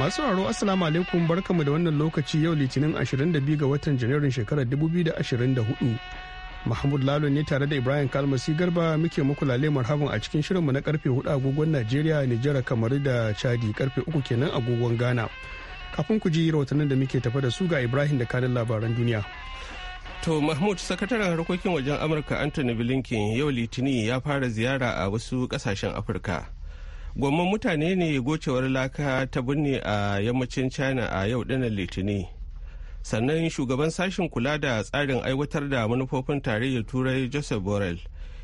Masu sauraro Assalamu alaikum barkamu da wannan lokaci yau Litinin 22 ga watan Janairun shekarar 2024. Mahmud Lalo ne tare da Ibrahim Kalmasi Garba muke muku lale marhaban a cikin shirinmu na karfe 4 agogon Najeriya, Nijar, kamar da Chadi karfe 3 kenan agogon Ghana. Kafin ku ji rahotannin da muke tafa da su ga Ibrahim da kanin labaran duniya. To Mahmud sakataren harkokin wajen Amurka Anthony Blinken yau Litinin ya fara ziyara a wasu kasashen Afirka. gwamman mutane ne gocewar laka ta binne a yammacin china a yau dinar litinin sannan shugaban sashen kula da tsarin aiwatar da manufofin tarayyar turai joseph borrell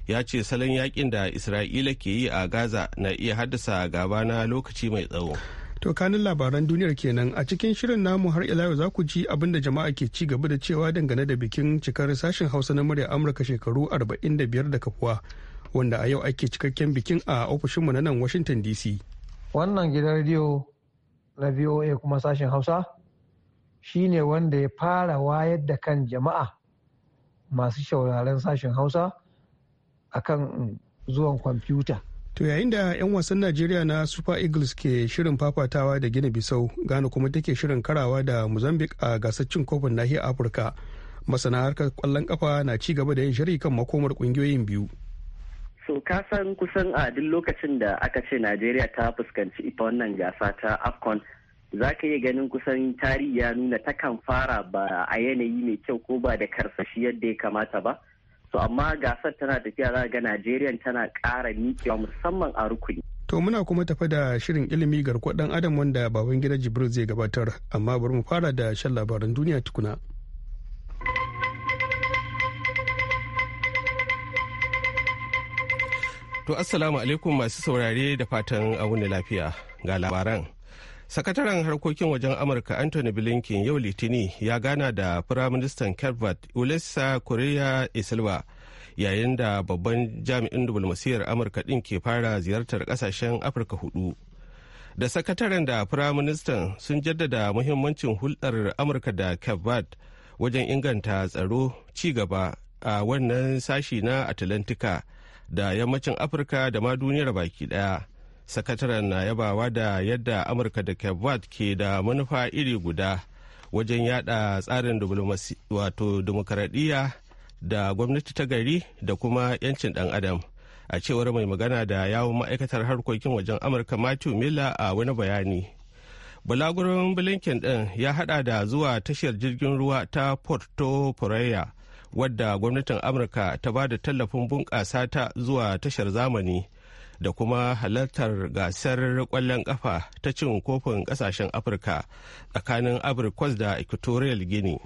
ya ce salon yakin da isra'ila ke yi a gaza na iya haddasa gaba na lokaci mai tsawo to kanin labaran duniyar kenan a cikin shirin namu har ila yau za ku ji abin da jama'a ke ci gaba da cewa dangane da bikin cikar sashen hausa na murya amurka shekaru 45 da kafuwa wanda a yau ake cikakken bikin a ofishinmu na nan Washington DC. Wannan gidan rediyo na VOA kuma sashen Hausa shine wanda ya fara wayar da kan jama'a masu shauraren sashen Hausa akan zuwan kwamfuta. To yayin da 'yan wasan Najeriya na Super Eagles ke shirin fafatawa da gina Bisau, gane kuma take shirin karawa da Mozambique a gasar cin kofin nahiyar Afirka. Masana harkar kwallon kafa na ci gaba da yin shiri kan makomar kungiyoyin biyu. So san kusan a duk lokacin da aka ce Najeriya ta fuskanci ita wannan gasa ta AFCON za ka iya ganin kusan tarihi ya nuna ta kan fara ba a yanayi mai kyau ko ba da karsashi yadda ya kamata ba. So amma gasar tana tafiya za ga Najeriya tana ƙara miƙewa musamman a rukuni. To muna kuma tafa da shirin ilimi garkuwar ɗan adam wanda baban gida Jibril zai gabatar amma bari mu fara da shan labaran duniya tukuna. To Assalamu alaikum masu saurare da fatan wuni lafiya ga labaran. Sakataren harkokin wajen Amurka Anthony Blinken yau Litini ya gana da Firaministan Calvert Ulissa Korea Isilwa yayin da babban jami'in diplomasiyar Amurka ɗin ke fara ziyartar ƙasashen Afirka hudu. Da sakataren da Firaministan sun jaddada muhimmancin hulɗar Amurka da Calvert wajen inganta tsaro ci gaba a wannan sashi na Atlantika. da yammacin afirka da ma duniyar baki daya sakataren na yabawa da yadda amurka da kevat ke da manufa iri guda wajen yada tsarin wato dimokuraɗiyya da gwamnati ta gari da kuma 'yancin dan adam a cewar mai magana da yawon ma'aikatar harkokin wajen amurka matthew miller a wani bayani bulagurin blinken din ya hada da zuwa tashar jirgin ruwa ta porto pereira wadda gwamnatin amurka ta ba da tallafin bunƙasa ta zuwa tashar zamani da kuma halartar gasar ƙwallon ƙafa ta cin kofin ƙasashen afirka tsakanin abirkwas da equatorial guinea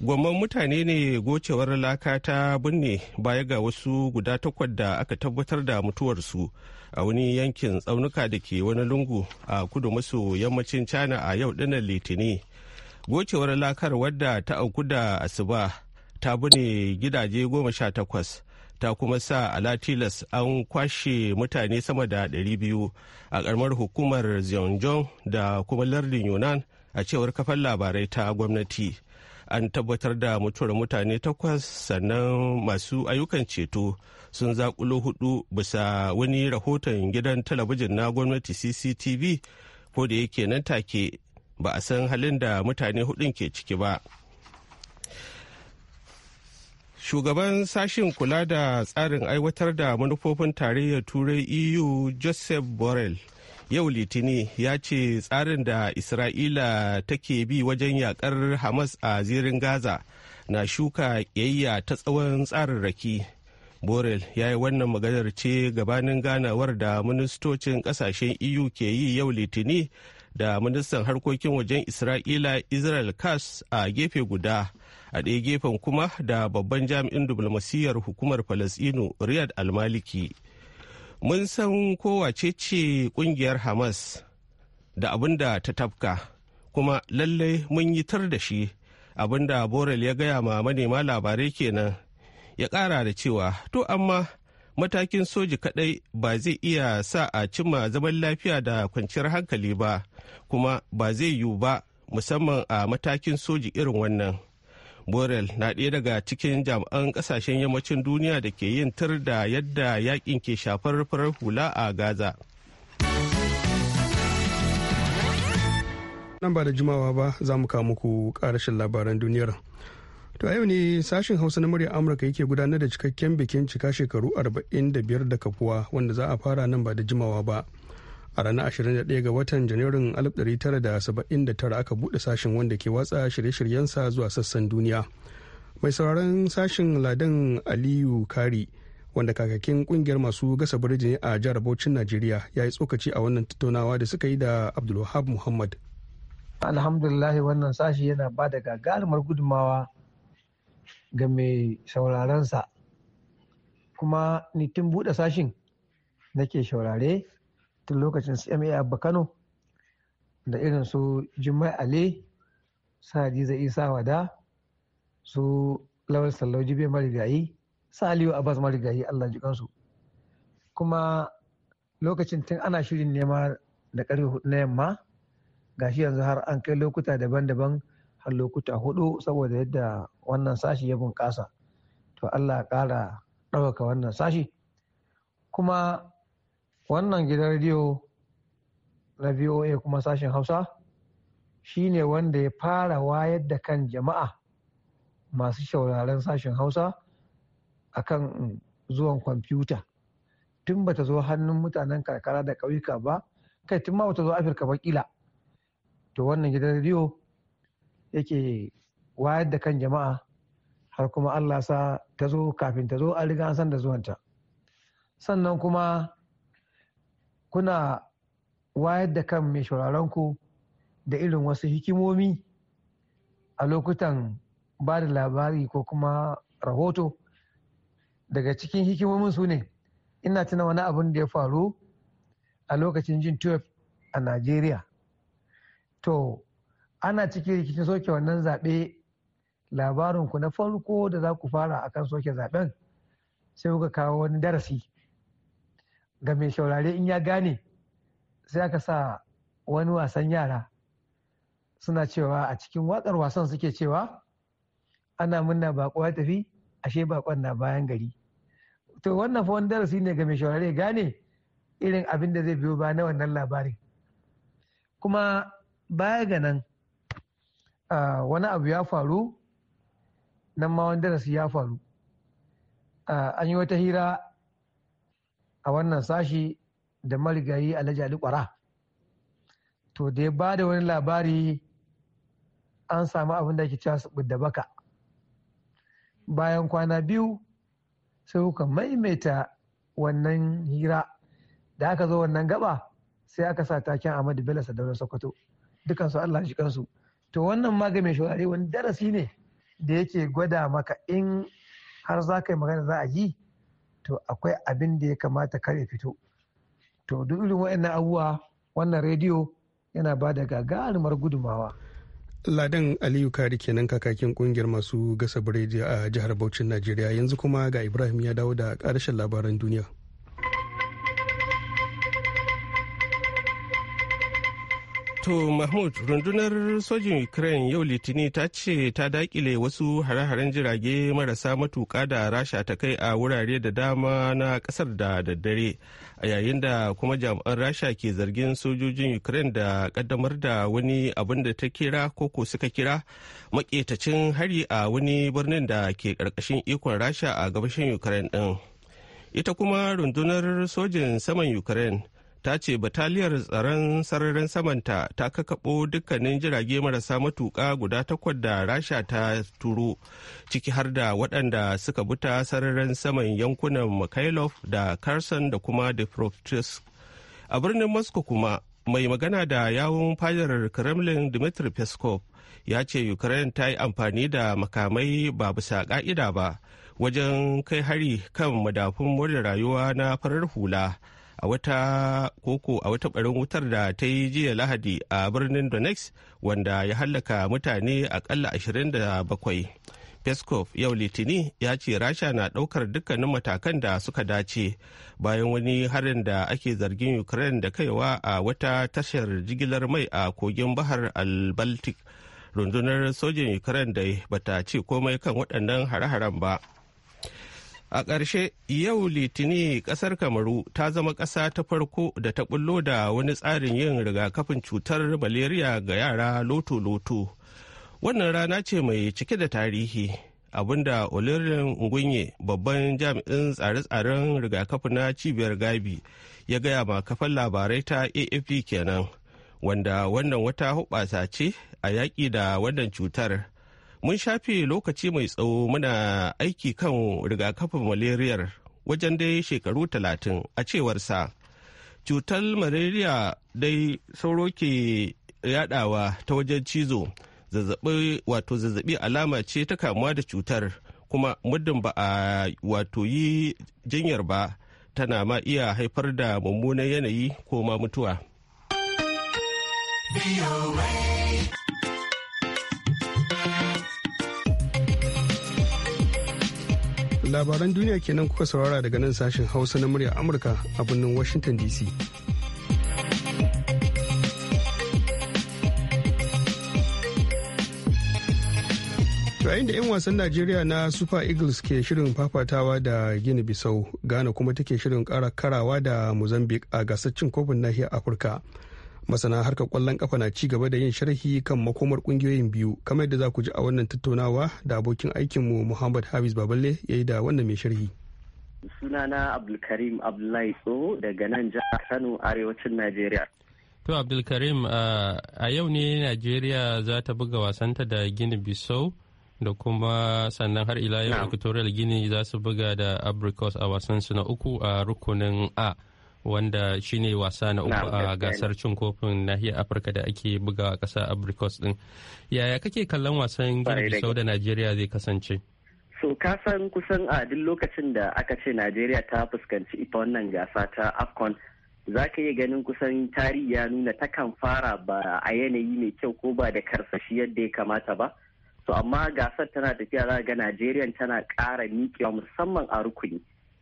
gwamman mutane ne gocewar laka ta binne baya ga wasu guda takwas da aka tabbatar da mutuwarsu a wani yankin tsaunuka da ke wani lungu a kudu maso yammacin china a yau dinar litini gocewar lakar wadda ta auku da asuba ta bune gidaje goma sha takwas ta kuma sa alatilas an kwashe mutane sama da ɗari biyu a karamar hukumar zhejiang da kuma lardin yunan a cewar kafar labarai ta gwamnati an tabbatar da mutuwar mutane takwas sannan masu ayyukan ceto sun zakulo hudu bisa wani rahoton gidan talabijin na gwamnati cctv ko da yake nan take ba a san halin da mutane hudun ke ciki ba. shugaban sashen kula da tsarin aiwatar da manufofin tarayyar turai eu joseph borrell yau litini ya ce tsarin da isra'ila take bi wajen yakar hamas a zirin gaza na shuka ƙiyayya ta tsawon tsarin tsararraki borel ya yi wannan maganar ce gabanin ganawar da ministocin kasashen eu ke yi yau litini da ministan harkokin wajen isra'ila israel kas a gefe guda a ɗaya gefen kuma da babban jami'in diflomasiyyar hukumar falasino riyad almaliki mun san kowace ce kungiyar hamas da abin da ta tafka kuma lallai mun yi tar da shi abin da borel ya gaya ma manema labarai kenan ya ƙara da cewa to amma matakin soji kaɗai ba zai iya sa a cimma zaman lafiya da kwanciyar hankali ba kuma ba zai yiwu ba musamman a matakin soji irin wannan. Borel na ɗaya daga cikin jami'an ƙasashen yammacin duniya da ke yin tur da yadda yakin ke shafar farar hula a Gaza. Nan ba da jimawa ba za mu kawo muku ƙarashin labaran duniyar. To yau ne sashen Hausa na murya Amurka yake gudanar da cikakken bikin cika shekaru 45 da kafuwa wanda za a fara nan ba da jimawa ba. A ranar 21 ga watan Janairun 1979 aka buɗe sashen wanda ke watsa shirye-shiryensa zuwa sassan duniya. Mai sauraron sashen Ladan Aliyu Kari wanda kakakin kungiyar masu gasa birji a jihar Bauchin Najeriya ya yi tsokaci a wannan tattaunawa da suka yi da Abdulwahab Muhammad. Alhamdulillah wannan sashi yana ba da gagarumar gudunmawa ga mai saurarensa kuma ni tun buɗe sashin nake saurare tun lokacin cma abba kano da irin su jimai ale sadiza isa wada su lawal sallauji bai marigayi Aliyu abbas marigayi allah jikansu kuma lokacin tun ana shirin nema da karfe hudu na yamma gashi yanzu har an kai lokuta daban-daban har lokuta hudu saboda yadda wannan sashi ya bunƙasa to allah ƙara ɗaukaka wannan sashi kuma wannan gidan rediyo na voa kuma sashin hausa shine wanda ya fara wayar da kan jama'a masu shauraren sashin hausa akan zuwan kwamfuta tun bata zo hannun mutanen karkara da ƙauyuka ba kai tun ma bata zo afirka ba kila to wannan gidan rediyo yake wayar da kan jama'a har kuma Allah sa ta zo kafin ta zo an riga an san da zuwanta sannan kuma kuna wayar da kan mai ku da irin wasu hikimomi a lokutan ba da labari ko kuma rahoto daga cikin hikimomin su ne ina tuna wani abin da ya faru a lokacin jin 12 a najeriya to ana cikin rikicin soke wannan zaɓe labarinku na farko da za ku fara akan soke zaɓen sai kuka kawo wani darasi ga mai shaurare in ya gane sai aka sa wani wasan yara suna cewa a cikin wakar wasan suke cewa ana munna baƙo ya tafi ashe baƙon na bayan gari to wannan fa wani darasi ne ga mai shaurare gane irin abin da zai biyo ba na wannan labarin kuma baya ga nan wani abu ya faru nan ma wani darasi ya faru an yi wata hira a wannan sashi da marigayi a ali kwara to da ya ba da wani labari an samu abin da ake cewa su da baka bayan kwana biyu sai kuka maimaita wannan hira da aka zo wannan gaba sai aka sa taken Amadu, Bello Sadaura Sokoto dukansu Allah shi kansu to wannan maganin mai shaurare wani darasi ne da yake gwada maka in har za ka yi magana za a yi to akwai abin da ya kamata kar ya fito to duk irin wa'annan abubuwa wannan rediyo yana ba da gagarumar gudumawa ladan aliyu kari kenan kakakin kungiyar masu gasa biredi a jihar bauchin najeriya yanzu kuma ga ibrahim ya dawo da karshen labaran duniya To Mahmud rundunar sojin Ukraine yau Litini ta ce ta dakile wasu hare-haren jirage marasa matuƙa da rasha ta kai a wurare da dama na ƙasar da daddare a yayin da kuma jami'an rasha ke zargin sojojin Ukraine da ƙaddamar da wani abin da ta kira koko suka kira maƙetacin hari a wani birnin da ke ƙarƙashin ikon rasha a gabashin Ukraine ɗin. Ita kuma rundunar sojin saman Ukraine ta ce bataliyar tsaron sararin samanta ta kakaɓo dukkanin jirage marasa matuƙa guda takwas da rasha ta turo ciki har da waɗanda suka buta sararin saman yankunan mikhailov da carson da kuma dnipropetrovsk a birnin moscow kuma mai magana da yawon fadar kremlin dmitry peskov ya ce ukraine ta yi amfani da makamai ba bisa ka'ida ba wajen kai hari kan madafin more rayuwa na farar hula a wata koko a wata barin wutar da ta yi jiya lahadi a birnin donetsk wanda ya hallaka mutane akalla 27 peskov yau litini ya ce rasha na ɗaukar dukkanin matakan da suka dace bayan wani harin da ake zargin ukraine da kaiwa a wata tashar jigilar mai a kogin bahar al-baltic rundunar sojin ukraine da bata ce komai kan waɗannan hare-haren ba A ƙarshe yau Litini ƙasar Kamaru ta zama ƙasa ta farko da ta ɓullo da wani tsarin yin rigakafin cutar malaria ga yara loto-loto. Wannan rana ce mai cike da tarihi abinda Olirin Ngunye babban jami'in tsare-tsaren rigakafi na cibiyar Gabi ya gaya ma kafan labarai ta AFP kenan. Wanda wannan wata hubasa ce a yaƙi da wannan cutar. mun shafe lokaci mai tsawo muna aiki kan rigakafin malariyar wajen dai shekaru talatin a cewarsa cutar malaria dai sauro ke yadawa ta wajen cizo zazzabi wato zazzabi alama ce ta kamuwa da cutar kuma muddin ba a wato yi jinyar ba tana ma iya haifar da mummunan yanayi ko ma mutuwa. labaran duniya kenan kuka saurara daga nan sashen hausa na murya amurka a birnin washington dc yayin da 'yan wasan najeriya na super eagles ke shirin fafatawa da gini bisau ghana kuma take shirin kara karawa da mozambique a gasar cin kofin nahiyar afirka masana harkar kwallon kafa na ci gaba da yin sharhi kan makomar kungiyoyin biyu kamar yadda za ku ji a wannan tattaunawa da abokin aikinmu muhammad habis baballe ya yi da wannan mai sharhi sunana abdulkarim abdullahi tso daga nan jihar kano arewacin najeriya to abdulkarim a yau ne najeriya za ta buga wasanta da gini bisau da kuma sannan har ila yau equatorial gini za su buga da abricos a wasansu na uku a rukunin a wanda shine wasa na uku a gasar cin kofin nahiyar afirka da ake buga a ƙasa abricos din yaya kake kallon wasan gini bisau da najeriya zai kasance so ka kusan a duk lokacin da aka ce najeriya ta fuskanci ita wannan gasa ta afcon za ka yi ganin kusan tarihi ya nuna ta kan fara ba a yanayi mai kyau ko ba da karsashi yadda ya kamata ba so amma gasar tana tafiya za ga najeriya tana ƙara miƙewa musamman a rukuni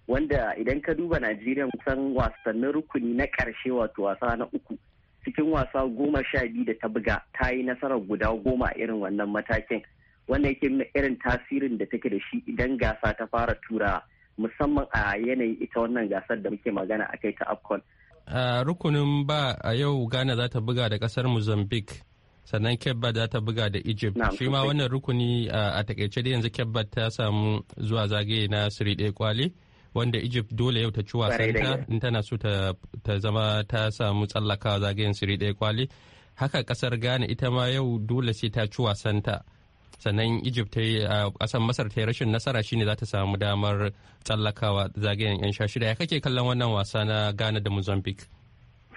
wanda idan ka duba najeriya kusan wasannin rukuni na ƙarshe wato wasa na uku cikin wasa goma sha biyu da ta buga ta yi nasarar guda goma a irin wannan matakin wanda yake nuna irin tasirin da take da shi idan gasa ta fara tura musamman a yanayi ita wannan gasar da muke magana a kai ta afcon rukunin ba a yau ghana za ta buga da kasar mozambique sannan kebba za ta buga da egypt shi ma wannan rukuni a takaice da yanzu kebba ta samu zuwa zagaye na siri ɗaya kwale wanda egypt dole yau ta ci wasanta in tana so ta zama ta samu tsallakawa zagayen siri ɗaya kwali haka kasar ghana ita ma yau dole sai ta ci wasanta sannan egypt ta yi a kasar masar ta yi rashin nasara shine za ta samu damar tsallakawa zagayen yan sha shida ya kake kallon wannan wasa na ghana da mozambique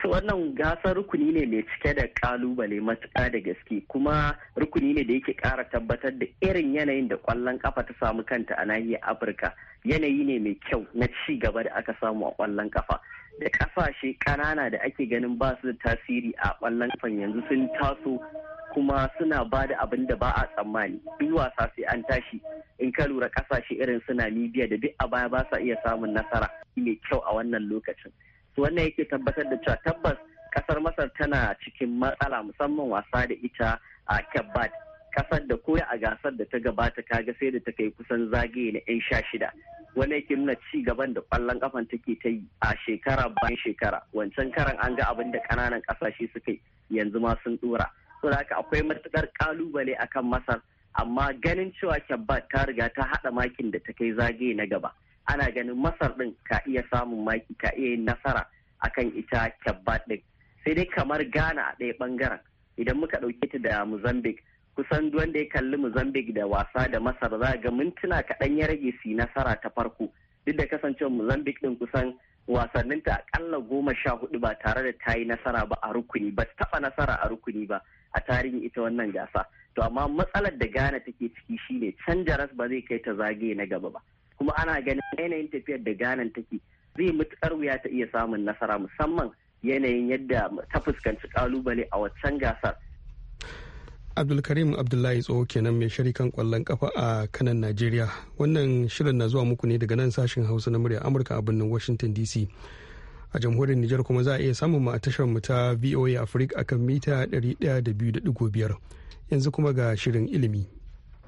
wannan gasar rukuni ne mai cike da kalubale matuƙa da gaske kuma rukuni ne da yake ƙara tabbatar da irin yanayin da ƙwallon ƙafa ta samu kanta a nahiyar afirka yanayi ne mai kyau na ci gaba da aka samu a ƙwallon ƙafa da ƙasashe ƙanana da ake ganin ba su da tasiri a ƙwallon ƙafan yanzu sun taso kuma suna ba da abin da ba a tsammani duk wasa sai an tashi in ka lura ƙasashe irin su namibia da duk a baya ba sa iya samun nasara mai kyau a wannan lokacin wannan yake tabbatar da cewa tabbas kasar masar tana cikin matsala musamman wasa da ita a kebbat kasar da koya a gasar da ta gabata kaga sai da ta kai kusan zagaye na 'yan sha shida wani yake nuna ci gaban da kwallon kafan take ta yi a shekara bayan shekara wancan karan an ga abin da kananan kasashe suka yi yanzu ma sun dora da haka akwai matukar kalubale akan masar amma ganin cewa kyabba ta riga ta haɗa makin da ta kai zagaye na gaba ana ganin masar din ka iya samun maki ka iya yin nasara akan ita kyabba din sai dai kamar ghana a ɗaya bangaren idan muka ɗauke ta da mozambique kusan wanda ya kalli mozambique da wasa da masar za ga mintuna kaɗan ya rage su nasara ta farko duk da kasancewa mozambique din kusan wasanninta akalla goma sha hudu ba tare da ta yi nasara ba a rukuni ba ta taɓa nasara a rukuni ba a tarihin ita wannan gasa to amma matsalar da ghana take ciki shine canja ras ba zai kai ta zagaye na gaba ba kuma ana ganin yanayin tafiyar da Ghana take zai mutukar wuya ta iya samun nasara musamman yanayin yadda ta fuskanci kalubale a waccan gasar. Abdulkarim Abdullahi Tsoho kenan mai sharikan kwallon kafa a kanan Najeriya. Wannan shirin na zuwa muku ne daga nan sashen Hausa na murya Amurka a birnin Washington DC. A jamhuriyar Nijar kuma za a iya samun mu a tashar mu ta VOA Africa akan mita 102.5. Yanzu kuma ga shirin ilimi.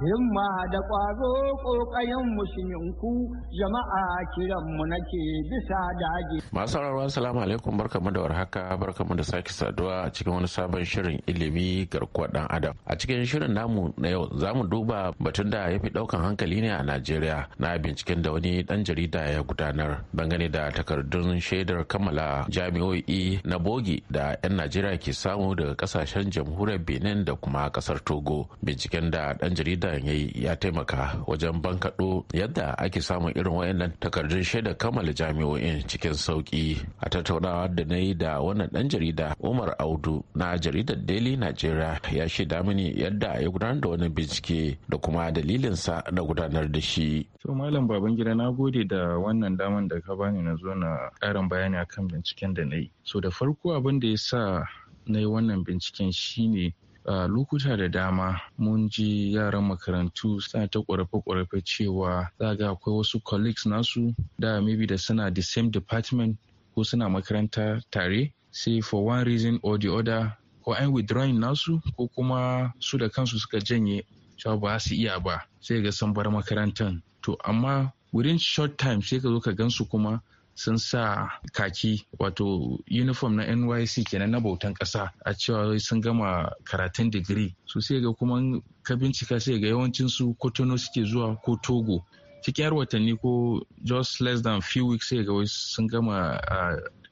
himma da ƙwazo ƙayan musulminku jama'a kiranmu nake bisa daji. Masu sauraro assalamu alaikum barkamu da warhaka barkamu da sake saduwa a cikin wani sabon shirin ilimi garkuwar dan adam. A cikin shirin namu na yau za mu duba batun da ya fi ɗaukan hankali ne a Najeriya na binciken da wani ɗan jarida ya gudanar dangane da takardun shaidar kammala jami'o'i na bogi da 'yan Najeriya ke samu daga kasashen jamhuriyar Benin da kuma ƙasar Togo. Binciken da ɗan jarida ministan ya ya taimaka wajen bankaɗo yadda ake samun irin wayannan takardun shaidar kammala jami'o'in cikin sauki a tattaunawa da na yi da wannan dan jarida umar audu na jaridar daily nigeria ya shaida mini yadda ya gudanar da wani bincike da kuma dalilin sa na gudanar da shi. to malam baban gida na gode da wannan daman da ka bani na zo na ƙarin bayani akan binciken da na yi so da farko abin da ya sa na yi wannan binciken shine a lokuta da dama mun ji yaran makarantu suna ta ƙorafe-ƙorafe cewa za ga akwai wasu colleagues nasu da maybe da suna the same department ko suna makaranta tare sai for one reason or the other ko an withdrawing nasu ko kuma su da kansu suka janye cewa ba su iya ba sai ga san bar makarantan to amma wurin short time sai ka zo ka gansu kuma sun sa kaki wato uniform na nyc kenan na bautan ƙasa a cewa sun gama karatun digiri su sai ga kuma ka bincika sai ga su kotono suke zuwa ko togo cikin yar watanni ko just less than few weeks sai ga sun gama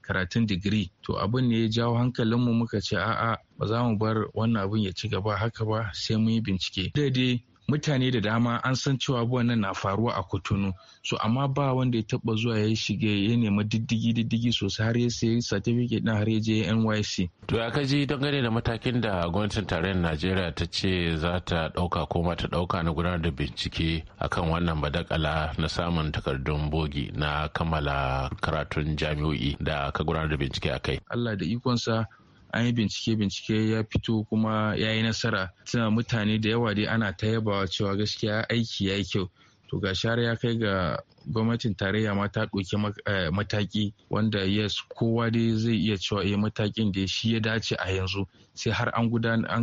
karatun digiri to abin ne ya jawo hankalinmu muka ce a'a ba za mu bar wannan abin ya ci gaba haka ba sai mun yi bincike daidai mutane da dama an san cewa abubuwan na faruwa a kotunu so amma ba wanda ya taba zuwa ya shige ya nema diddigi diddigi sosai har ya sayi certificate din har ya je NYC to ya kaji don gane da matakin da gwamnatin tarayyar Najeriya ta ce za ta dauka ko ma ta dauka na gudanar da bincike akan wannan badakala na samun takardun bogi na kammala karatun jami'o'i da ka gudanar da bincike akai Allah da ikonsa an yi bincike bincike ya fito kuma ya yi nasara tana mutane da yawa dai ana ta yabawa cewa gaskiya aiki ya yi kyau to ga share ya kai ga gwamnatin tarayya ma ta ɗauki eh, mataki wanda yes kowa dai zai iya cewa eh matakin da shi ya dace a yanzu sai har an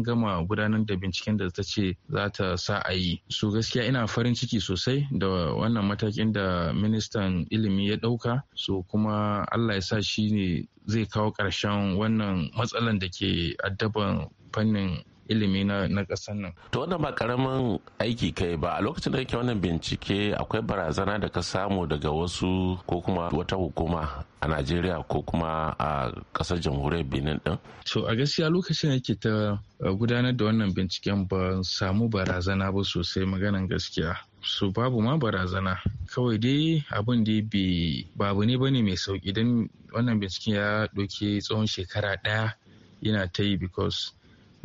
gama gudanar da binciken da ta ce za ta sa a yi Su gaskiya ina farin ciki sosai da wannan matakin da ministan ilimi ya ɗauka su kuma allah ya sa shi ne zai kawo ƙarshen wannan matsalan da ke addaban fannin ilimi na ƙasar nan. To wannan ba karamin aiki kai ba a lokacin da kake wannan bincike akwai barazana da ka samu daga wasu ko kuma wata hukuma a Najeriya ko kuma a ƙasar jamhuriyar Benin din? to a gaskiya lokacin yake ta uh, gudanar da wannan binciken ba samu barazana ba sosai maganan gaskiya. su babu ma barazana kawai dai abin da bi babu ne bane mai sauki don wannan binciken ya ɗauki tsawon shekara ɗaya yana ta yi because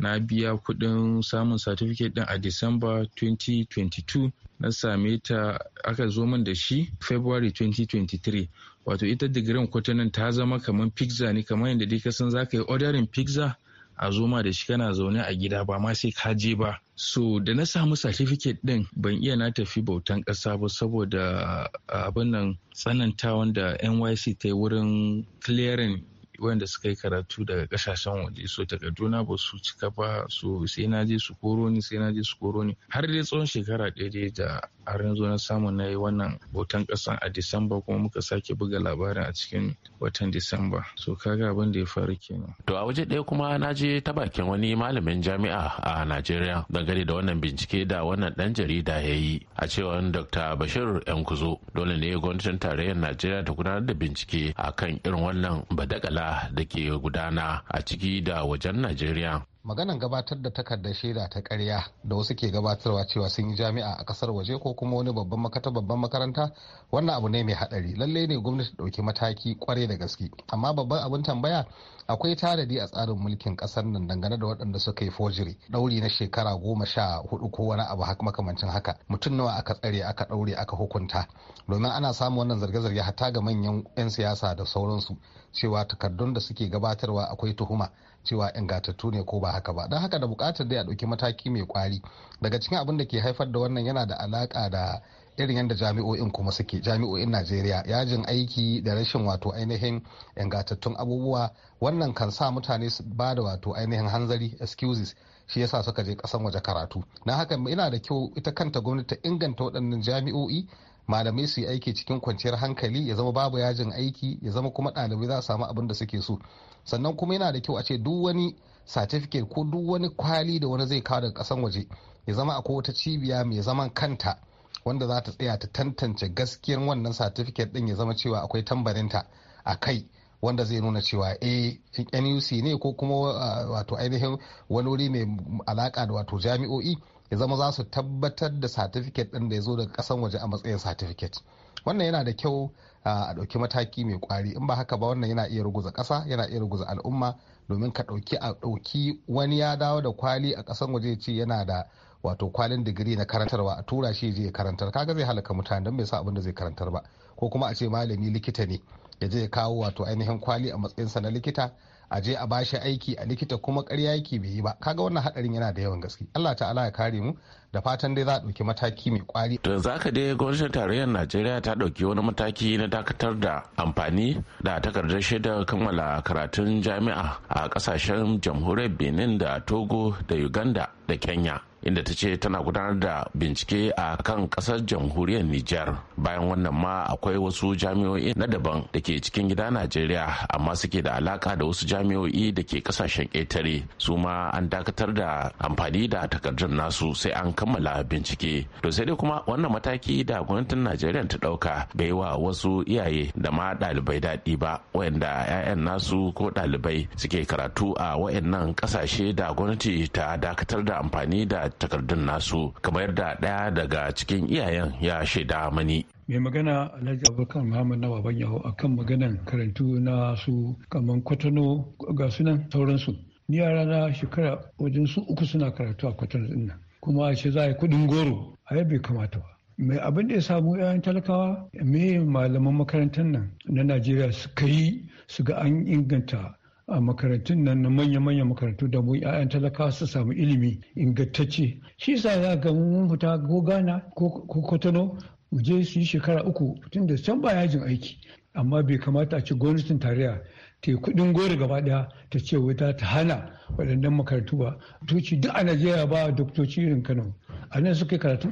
na biya kudin samun certificate din a Disamba 2022 na same ta aka zo min da shi February 2023 wato ita digirin kwatanin ta zama kamar pizza ne kamar yadda dai kasan za ka yi ordering pizza a zoma da shi kana zaune a gida ba ma sai ka je ba so da na samu certificate din ban iya na tafi bautan ƙasa ba saboda abin nan tsanantawan da nyc ta yi wurin clearing wanda suka yi karatu daga kasashen waje so takarduna ba su cika ba so sai na je su koro ni sai na je su koro ni har dai tsawon shekara ɗaya da A na na samu na yi wannan hoton ƙasa a disamba kuma muka sake buga labarin a cikin watan disamba so kaga abin da ya faru kenan to a waje ɗaya kuma na je ta bakin wani malamin jami'a a najeriya dangane da wannan bincike da wannan ɗan jarida ya yi a cewar dr bashir yankuzo dole ne gwamnatin tarayyar najeriya ta gudanar da bincike akan irin wannan badakala da ke gudana a ciki da wajen najeriya maganan gabatar da takardar shaida ta karya da wasu ke gabatarwa cewa sun yi jami'a a kasar waje ko kuma wani babban makata babban makaranta wannan abu ne mai hadari lallai ne gwamnati ɗauki mataki kwarai da gaske amma babban abin tambaya akwai tarihi a tsarin mulkin kasar nan dangane da waɗanda suka yi forgery ɗauri na shekara goma sha hudu ko wani abu makamancin haka mutum nawa aka tsare aka ɗaure aka hukunta domin ana samun wannan zarge-zarge hatta ga manyan 'yan siyasa da sauransu cewa takardun da suke gabatarwa akwai tuhuma cewa ingantattu ne ko ba haka ba don haka da bukatar dai a ɗauki mataki mai kwari daga cikin abin da ke haifar da wannan yana da alaka da irin yadda jami'o'in kuma suke jami'o'in najeriya yajin aiki da rashin wato ainihin ingantattun abubuwa wannan kan sa mutane su ba da wato ainihin hanzari excuses shi yasa suka je kasan waje karatu na haka ina da kyau ita kanta gwamnati ta inganta waɗannan jami'o'i malamai su yi aiki cikin kwanciyar hankali ya zama babu yajin aiki ya zama kuma ɗalibai za su samu abin da suke so sannan kuma yana da kyau a ce duk wani certificate ko duk wani kwali da wani zai kawo daga kasan waje ya zama akwai wata cibiya mai zaman kanta wanda za ta tsaya ta tantance gaskiyar wannan certificate din ya zama cewa akwai tambarin ta a kai wanda zai nuna cewa a eh, nuc ne ko kuma ah, wato ainihin wani wuri mai alaka da wato jami'o'i ya zama za su tabbatar da certificate din da ya zo daga kasan waje a matsayin certificate wannan yana da kyau a ɗauki mataki mai kwari in ba haka ba wannan yana iya ruguza ƙasa yana iya ruguza al'umma domin ka ɗauki a ɗauki wani ya dawo da kwali a ƙasan waje ce yana da wato kwalin digiri na karantarwa a tura shi je karantar kaga zai halaka mutane don bai sa abin da zai karantar ba ko kuma a ce malami likita ne ya je kawo wato ainihin kwali a matsayinsa na likita a je a bashi aiki a likita kuma karya yake bai yi ba kaga wannan hadarin yana da yawan gaske Allah ta'ala ya kare mu da fatan dai za a ɗauki mataki mai kwari. To za ka dai gwamnatin tarayyar Najeriya ta ɗauki wani mataki na dakatar da amfani da takardar shaidar kammala karatun jami'a a ƙasashen jamhuriyar Benin da Togo da Uganda da Kenya. inda ta ce tana gudanar da bincike a kan kasar jamhuriyar Nijar. Bayan wannan ma akwai wasu jami'o'i na daban da ke cikin gida Najeriya amma suke da alaka da wasu jami'o'i da ke kasashen ƙetare su ma an dakatar da amfani da takardun nasu sai an kammala bincike to sai dai kuma wannan mataki da gwamnatin najeriya ta dauka bai wa wasu iyaye da ma dalibai daɗi ba wayanda 'ya'yan nasu ko dalibai suke karatu a wayannan kasashe da gwamnati ta dakatar da amfani da takardun nasu kamar yadda ɗaya daga cikin iyayen ya shaida mani mai magana alhaji abubakar muhammad na baban a kan maganan karantu na su kaman kwatano ga sunan sauransu ni yara na shekara wajen su uku suna karatu a kwatano din kuma a ce za a yi kuɗin goro a bai kamata ba mai abin da ya samu 'ya'yan talakawa me malaman makarantar nan na najeriya suka yi su ga an inganta a makarantun nan na manya-manya makarantu da mu 'ya'yan talakawa su samu ilimi ingantacce shi sa za ga mun fita ko gana ko kotono mu je su yi shekara uku tun da can ba yajin aiki amma bai kamata a ci gwamnatin tarayya ta yi kudin gori gaba daya ta ce wuta ta hana waɗannan makarantu ba tuci duk a najeriya ba doktoci irin kano a nan suka yi karatu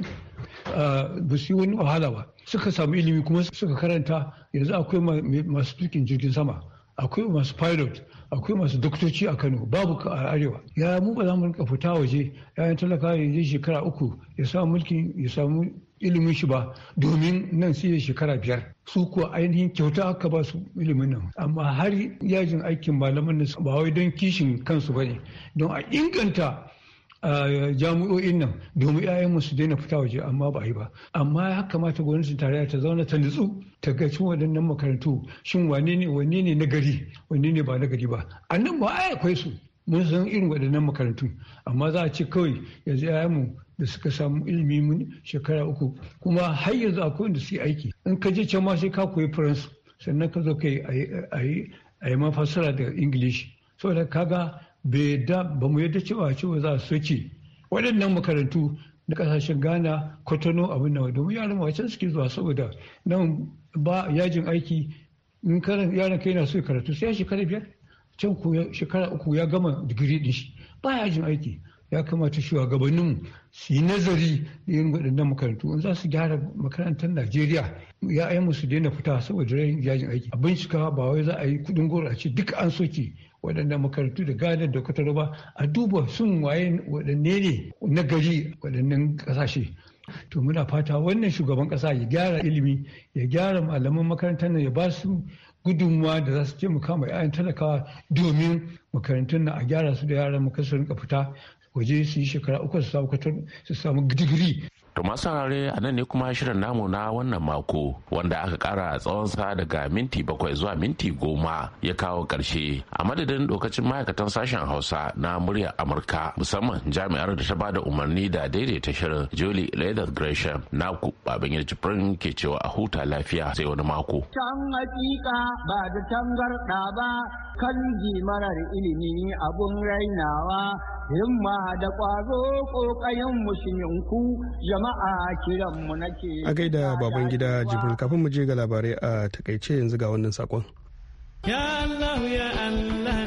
ba su yi wani wahala ba suka samu ilimi kuma suka karanta yanzu akwai masu tukin jirgin sama akwai masu pilot akwai masu doktoci a kano babu a arewa ya mu ba za mu rika fita waje yayan talaka ya yi shekara uku ya samu mulkin ya samu ilimin shi ba domin nan sai shekara biyar su kuwa ainihin kyauta aka ba su ilimin nan amma har yajin aikin malaman nan ba wai don kishin kansu ba ne don a inganta jami'o'in nan domin 'ya'yan su daina fita waje amma ba yi ba amma ya kamata gwamnatin tarayya ta zauna ta nutsu ta ga cin waɗannan makarantu shin wane ne wane ne na wane ne ba nagari ba a nan ba ai akwai su mun san irin waɗannan makarantu amma za a ce kawai yanzu mu da suka samu ilimi mun shekara uku kuma har yanzu akwai wanda su aiki in ka je can ma sai ka koyi faransa sannan ka zo kai a yi mafasara da ingilishi saboda kaga bai ba mu yadda cewa cewa za su soke waɗannan makarantu na ƙasashen ghana kotono abin nawa domin yaran wacan suke zuwa saboda nan ba yajin aiki in yaran kai na so karatu sai shekara biyar can shekara uku ya gama digiri din shi ba ya jin aiki ya kamata shugabannin su yi nazari da yin waɗannan makarantu in za su gyara makarantar najeriya ya musu daina fita saboda rayin yajin aiki a bincika ba wai za a yi kuɗin goro a ce duk an soke waɗannan makarantu da gadon da kwatar ba a duba sun waye waɗanne ne na gari waɗannan ƙasashe to muna fata wannan shugaban ƙasa ya gyara ilimi ya gyara malaman makarantar nan ya ba su gudunmuwa da za su mu kama 'ya'yan talakawa domin makarantun na a gyara su da yaran makasarin su fita waje su yi shekara uku su samu su samu digiri To masu saurare a nan ne kuma shirin namu na wannan mako wanda aka kara tsawonsa daga minti bakwai zuwa minti goma ya kawo ƙarshe a madadin dokacin ma'aikatan sashen Hausa na muryar Amurka musamman jami'ar da ta ba da umarni da daidaita shirin joli Leather Gresham na ku babin jibrin ke cewa a huta lafiya sai wani mako. Can hakika ba da tangarɗa ba kan marar ilimi abun rainawa himma da ƙwazo ƙoƙayen musulminku jama'a a gaida baban gida jibril kafin mu je ga labarai a takaice yanzu ga wannan sakon ya allah ya allah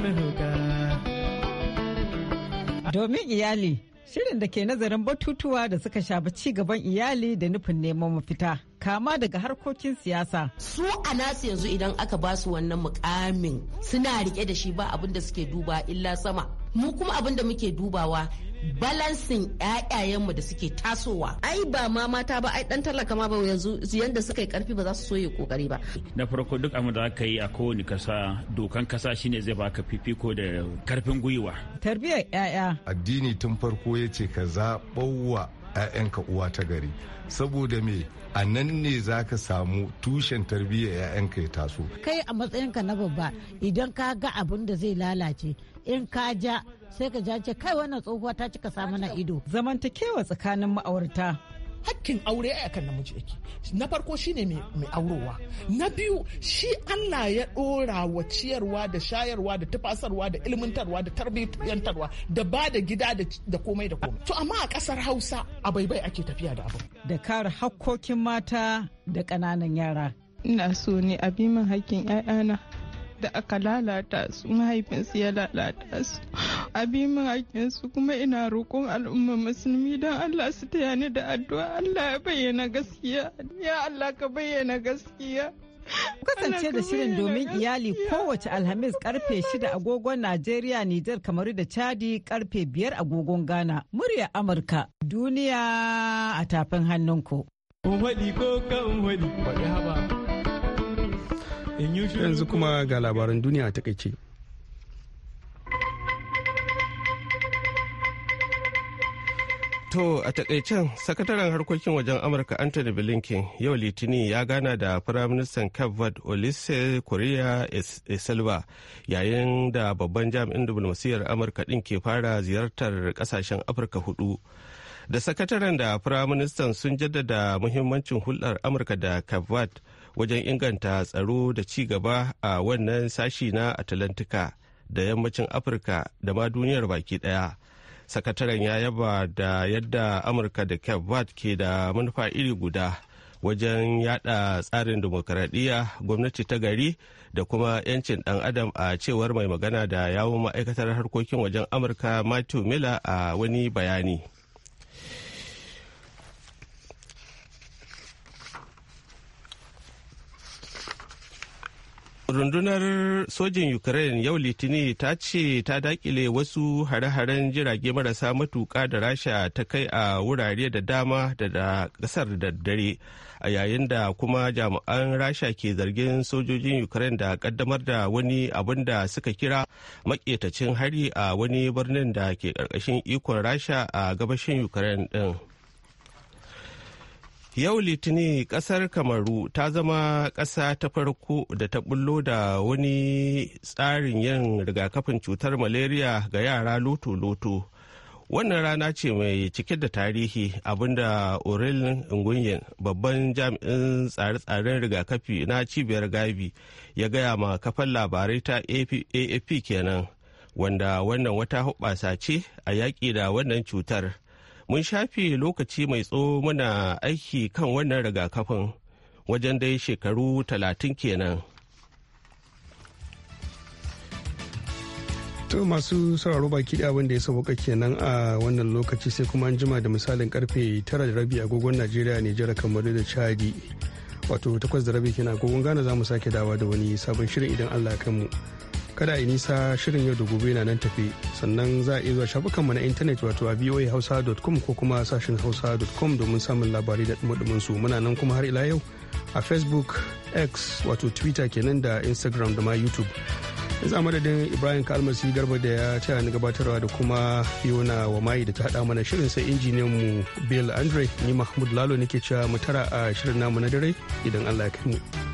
na domin iyali shirin da ke nazarin batutuwa da suka shafi ci gaban iyali da nufin neman mafita kama daga harkokin siyasa su a nasu yanzu idan aka ba su wannan mukamin suna rike da shi ba abin da suke duba illa sama mu kuma abin da muke dubawa balansin ƴaƴayenmu da suke tasowa ai ba ma mata ba ai dan talaka ma ba yanzu yanda suka yi karfi ba za su so yi kokari ba na farko duk abin da aka yi a kowane kasa dokan kasa shine zai baka fifiko da karfin gwiwa tarbiyyar ƴaƴa addini tun farko yace ka zaɓowa ‘ya'yanka uwa ta gari saboda me a nan ne za ka samu tushen tarbiyyar ‘ya'yanka ya taso kai a matsayinka na babba idan ka ga abin da zai lalace in ka ja sai ka ce kai wannan tsohuwa ta cika samu na ido zamantakewa tsakanin ma'aurata hakkin aure a kan namiji yake na farko shine mai aurowa na biyu shi Allah ya ɗora wa ciyarwa da shayarwa da tafasarwa da ilmantarwa da tarbiyyantarwa da ba da gida da komai da komai to amma a ƙasar Hausa a baibai ake tafiya da abu da kare hakkokin mata da ƙananan yara ina so ne a bi min hakkin 'ya'yana da aka lalata su mahaifinsu ya lalata su a bi kuma ina roƙon al'umma musulmi don Allah su taya ni da addu'a Allah ya bayyana gaskiya ya Allah ka bayyana gaskiya Kasance da shirin domin iyali kowace Alhamis karfe 6 agogon Najeriya, Nijar, kamar da Chadi karfe 5 agogon Ghana. Murya Amurka, duniya a tafin hannunku. Yanzu kuma ga labaran duniya a takaice. To a takaicen sakataren harkokin wajen Amurka Anthony Blinken yau Litinin ya gana da Firaministan Cape Verde Olise Korea Silva yayin da babban jami'in diplomasiyar Amurka ɗin ke fara ziyartar ƙasashen Afirka hudu. Da sakataren da Firaministan sun jaddada muhimmancin hulɗar Amurka da Cape Verde wajen inganta tsaro da ci gaba a wannan sashi na Atlantika da yammacin Afirka da ma duniyar baki ɗaya. sakataren ya yaba da yadda amurka da verde ke da manufa iri guda wajen yada tsarin demokaradiyya gwamnati ta gari da kuma 'yancin dan adam a cewar mai magana da yawon ma'aikatar harkokin wajen amurka matthew miller a wani bayani rundunar sojin ukraine yau litini ta ce ta dakile wasu hare-haren jirage marasa matuka da rasha ta kai a wurare da dama da kasar da dare a yayin da kuma jami'an rasha ke zargin sojojin ukraine da kaddamar da wani abin da suka kira maƙetacin hari a wani birnin da ke ƙarƙashin ikon rasha a gabashin ukraine din. Yau Litinin kasar Kamaru ta zama ƙasa ta farko da ta bullo da wani tsarin yin rigakafin cutar malaria ga yara loto-loto. Wannan rana ce mai cike da tarihi abinda Aurelin Ngunyen babban jami'in tsare-tsaren rigakafi na cibiyar gabi ya gaya ma kafan labarai ta AFP kenan, wanda wannan wata hubasa ce a yaƙi da wannan cutar. mun shafe lokaci mai tsawo muna aiki kan wannan rigakafin wajen dai shekaru talatin kenan. To masu sauraro baki da abin da ya sauka kenan a wannan lokaci sai kuma an jima da misalin karfe 9 da rabi agogon Najeriya jira kamar da Chadi. Wato 8 da rabi kenan agogon Ghana za mu sake dawa da wani sabon shirin idan Allah kan mu. kada a nisa shirin yau da gobe na nan tafi sannan za a iya zuwa shafukanmu na intanet wato a hausa.com ko kuma sashen hausa.com domin samun labarai da dumadumin su muna nan kuma har ila yau a facebook x wato twitter kenan da instagram da ma youtube yanzu a madadin ibrahim kalmasi garba da ya taya ni gabatarwa da kuma yona wa mayi da ta haɗa mana shirin sai injiniyan mu bill andre ni mahmud lalo nake cewa mu tara a shirin namu na dare idan allah ya kai mu.